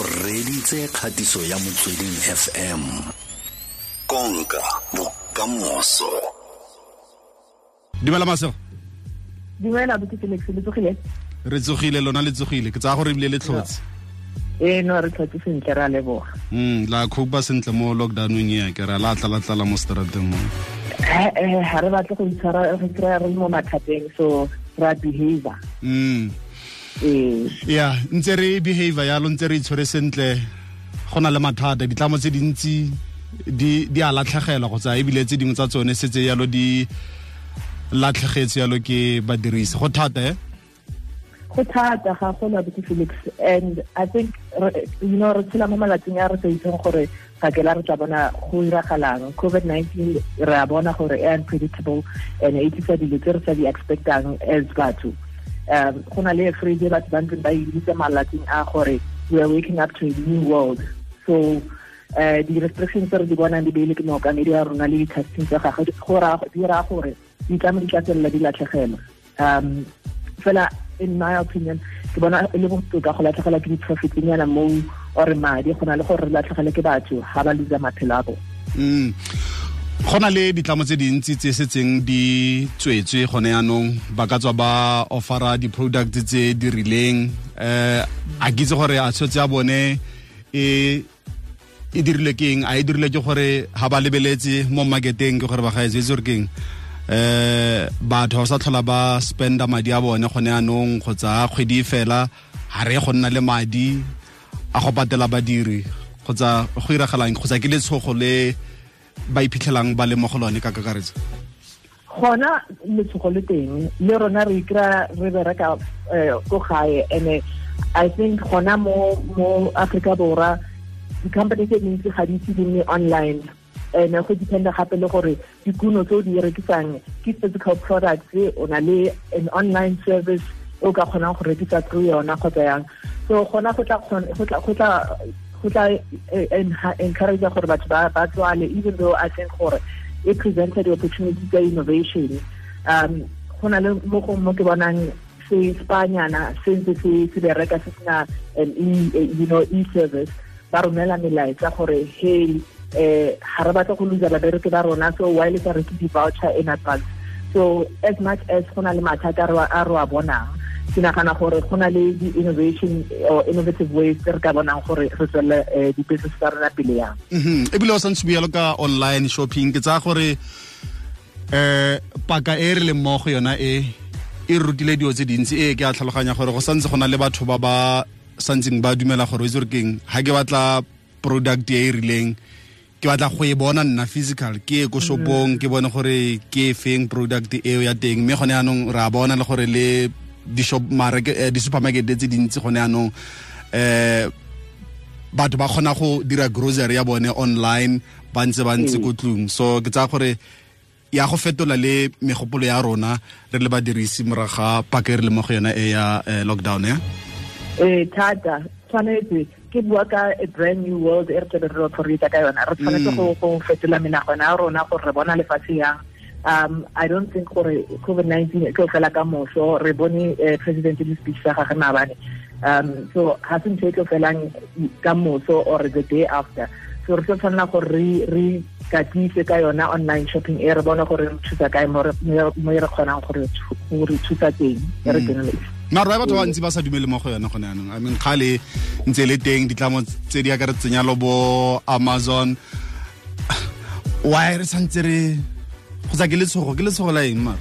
o reditse kgatiso ya motsweding fm konka bokamoso dumela masego dumela boketelexeletsogile re tsogile lona le tsogile ke tsaya gore ebile le tlhotse e no re tlhotse sentle re a leboga mm la khopa sentle mo lockdowneng ya ke ra la tla la tla mo strateng mo ha re batle go itshwara go itshwara re mo mathateng so ra behavior mm Mm. ya ntse re behavior yalo ntse re itshwere sentle go na le mathata ditlamo tse dintsi di a latlhegelwa kgotsa ebile tse dingwe tsa tsone setse yalo di latlhegetse yalo ke badirisi go thata e eh? go thata ga gona beke and i think you know re tshela mo malatsing a re sa itseng gore phakela re tla bona go iragalang covid-19 re a bona gore e unpredictable and e tlisa dilo tse re sa di expectang as batho um go na le phrase batho ba ntseng ba e malatsing a gore we are waking up to a new world so uh, di-restrictions tse re di bonang di beile ke mookamedi wa rona le di-casting tsa gage di raya gore ditlamo di tla di latlhegelwa um fela in my opinion ke bona e le botoka go latlhegelwa ke di-profitnyana mo ore madi go na le gore re latlhegele ke batho ga ba lose maphelo a bone mm. go na le ditlamo tse dintsi tse setseng di tswetswe gone yaanong ba ka tswa ba offera di-product tse di rileng um a kitse gore a tshwetse ya bone e e dirilwe ke a e dirile ke gore ga ba lebeletse mo marketeng ke gore ba ga gaetsetse e gore keng um eh, batho ba sa tlhola ba spenda madi a bone gone yaanong kgotsa kgwedi e fela ga re go nna le madi a go patela badiri kgotsa go iragalang kgotsa ke letshogo le ba iphitlhelang ba le mo ka kakaretso gona letshogo le teng le rona re ikry re bereka eh, ko gae and e i think gona mo mo Africa borwa di-company tse dintsi ga di itse di online and go dependa gape le gore dikuno tse o di rekisang ke physical products o na le an online service o ka kgonang go rekisa through yona kgotsa yang so gona go tla go eh, eh, encourage gore batho ba tswale even though i think gore e presented opportunity tsa innovation um go le mo go mo ke bonang se spanyana se ntse se bereka se an um, you know e-service ba romela melaetsa gore hey eh ha re batla go lose babereki ba rona so why le sa re ke di-voucher in advance so as much as go le mathata a re a bonang ke nagana gore go na le di-innovation or innovative ways tse re ka bonang gore re tswelele eh, um di-business tsa rena pele yang mhm. ebile o santse bualo ka online shopping ke tsaya gore um paka e re leng mmogo yona e e rutile dio tse dintsi e ke a tlhaloganya gore go santse go na le batho ba ba santseng ba dumela gore o itse gore keng ga ke batla product e e rileng ke batla go e bona nna physical ke e ko mhm. shopong ke bone gore ke e feng product eo ya teng mme gone yaanong re a bona le gore le Eh, di-supermarket tse dintsi gone yaanong um eh, batho ba kgona go dira grocery ya bone online ba ntse ba ntse ko mm. tlong so ke tsaya gore ya go fetola le megopolo ya rona re le badirisi morago ga pake re le mo go yona e ya eh, lockdown ya ee thata tshwanetse ke bua ka a brand new world e re tlabe re lo ka yona re tshwanetse mm. go fetola menagona ya rona gore re bona lefatshe yang um i don't think gore covid 19 e tlo fela ka moso re bone eh, president le speech sa gagwe maabane um so ga se ntho e tlo felang ka moso or the day after so re tlo tshwanela gore re re katise ka yona online shopping e re bona gore re thusa kae mo re kgonang gore re thusa teng e re generalise mm. marra batho ba ntsi ba sa dumele mo go yone gone yanong i mean kgale ntse le teng ditlamo tse di akaretseng yalo bo amazon why re santse re kgotsa ke letshogo ke letshogo la eng mara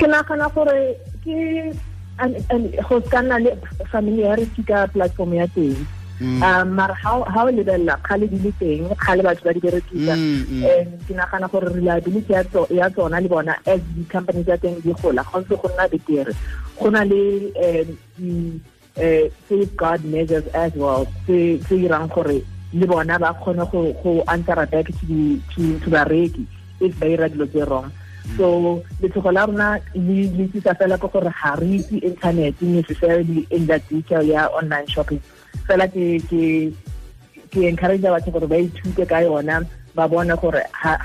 ke nagana gore ke go ka nna le familiarity ka platform ya teng mm. um mara ga o lebelela kgale di le teng kgale batho ba di berekisa mm, mm. and ke nagana gore reliability ya tsona le bona as di-company tsa teng di gola go ntse go nna betere go na le um di-safeguard eh, measures as well gore le bona ba kgone go answera back to bareki if ba 'ira dilo tse wrong mm. so letshogo la rona le tsisa fela ke gore ga re itse internet necessarily in that detail ya online shopping fela ke ke ke encourage batho gore ba ithute ka yona ba bone gore ha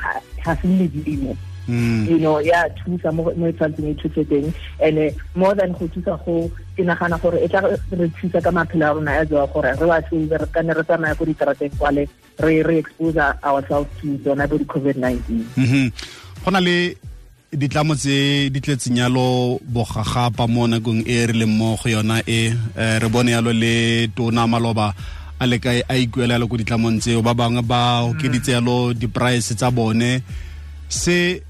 se ledimo Mm. you know ya thusa mo e tshwantseng e thuse teng and eh, more than go thusa go ke nagana gore e tla re thusa ka maphelo a rona a gore re ba tsebe re kana re tsamaya ko diterateng kwale re re expose ourselves to tsona bo di-covid-19 mm-hmm. go na le ditlamo tse di tletseng yalo bogagapa mo nakong e re leng mo go yona e eh, re bone yalo le tona maloba a le kae a ikuela yalo ko ditlamong tseo ba bangwe ba okeditse yalo di-price tsa bone se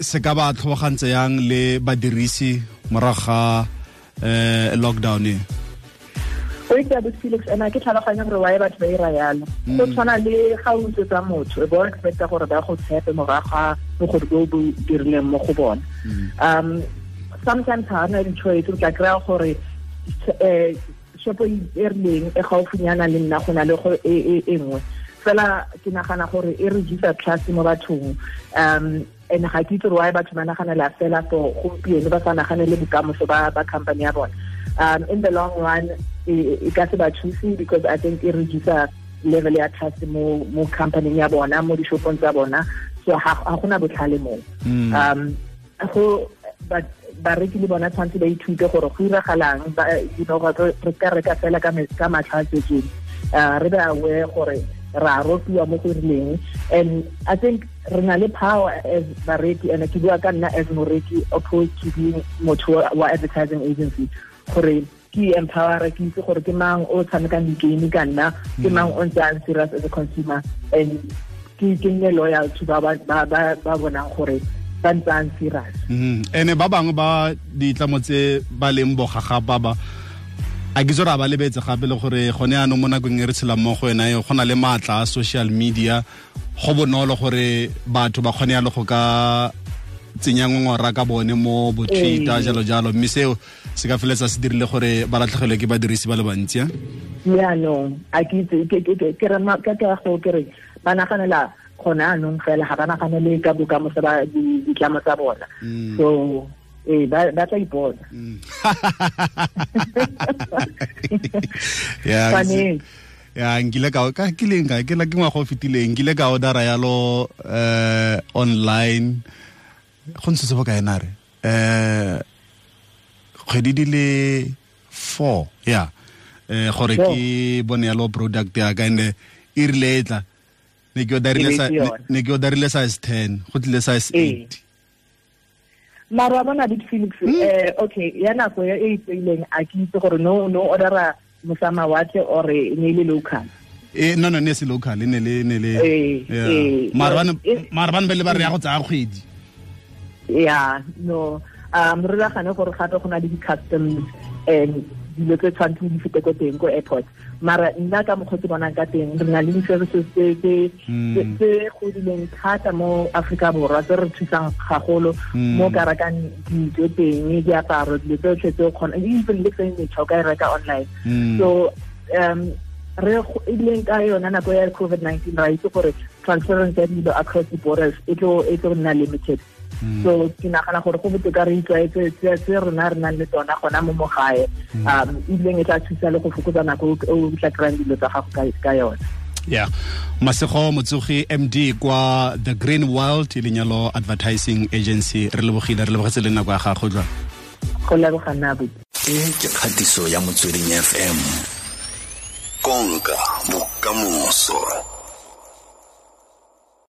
se ka ba tlhobogantse yang le badirisi morago ga um lockdown e oitse abu felix ena ke tlhaloganya gore wae batho ba ira e yalo mm. go tshwana le ga o tsa motho e bo expecta gore ba go tshepe morago ga mogodi o bo dirileng mo go bona mm. um sometimes ha na di o e, tla kry-a gore um shopo e, e rileng e gaufinyana le nna go na le go e nngwe fela ke nagana gore e reducer trust mo bathong um and ga ke itse gore why batho ba naganela fela for gompieno ba sa naganele bokamoso ba ba company ya bone um in the long run e, e ka se ba thuse because i think e reducer level ya trust mo mo company ya bona mo dishopong tsa bona so ga gona botlhale moo mm. um go bareki le bona tshwanetse ba ithute gore go iragalang you know re ka reka fela ka matlha a tsetseng uh, re be aware gore ra ropiwa mo go rileng and i think re na le power as bareki and ke bua ka nna as moreki opposed to being motho wa advertising agency gore ke empower ke itse gore ke mang o tshamekang di-game ka nna ke mm. mang o ntse serious as a consumer and ke ke loyal to ba ba ba bonang gore ba ntse ang serious ene mm-hmm. ba bangwe ba ditlamo tse ba leng bogagapa ba a ke tsore a ba lebetse gape le gore gone yaanong mo nakong e re tshelang mo go yone go na le maatla a social media go bonolo gore batho ba kgone le go ka tsenya ngongora ka bone mo bo ee. twitter jalo jalo mme seo se ka feletsa se dirile gore ba latlhegelwe ke badirisi ba le bantsi a yaanong a ke go kere ba naganela gone anong fela ga ba le ka bokamoso ba ditlamo tsa bona mm. so ee ba tla ipona mm. ya nkile ka ka kileng ka ke la ke ngwa go fetileng nkile ka order yalo eh online go ntse se bo ka ena re eh kgwedi di le 4 ya eh gore ke bone yalo product ya ka ende e rile etla ne ke o darile e sa ne ke o darile size 10 go tlile size 8 e mara wa bona dit felix hmm. eh okay ya nako e e tseileng a ke itse gore no no order mosama watle or e ne e le local e no no ne e se local e ne le ne le mara bana mara bana ba re ya go tsaya kgwedi ya no um re gore gape go na le di customs and dilo tse tshwanetse di fete ko teng ko airport mara nna ka mokgwa ke bonang ka teng re na le di-services tse mm. godileng thata mo aforika borwa tse re thusang gagolo mm. mo karakang rekang dijo teng diaparo dilo tsotlhe tse o kgona even le tse metšha o ka e reka online mm. so um re ileng e ka yona nako ya covid-19 ra itse gore transference ya dilo across the borders e tlo e nna limited Mm. so ke nagana gore go botoka re itlwaetse tse rona re nang le tsona gona mo mogae mm. um ebileng e tla thusa le go fokotsa nako e e o tla kry-ang dilo tsa gago ka yone ya yeah. masego motsogi md kwa the green world e lenyalo advertising agency re lebogile re lebogetse le nako ya gago jwa go lebogana e ke kgatiso ya motsweding fm konka bokamoso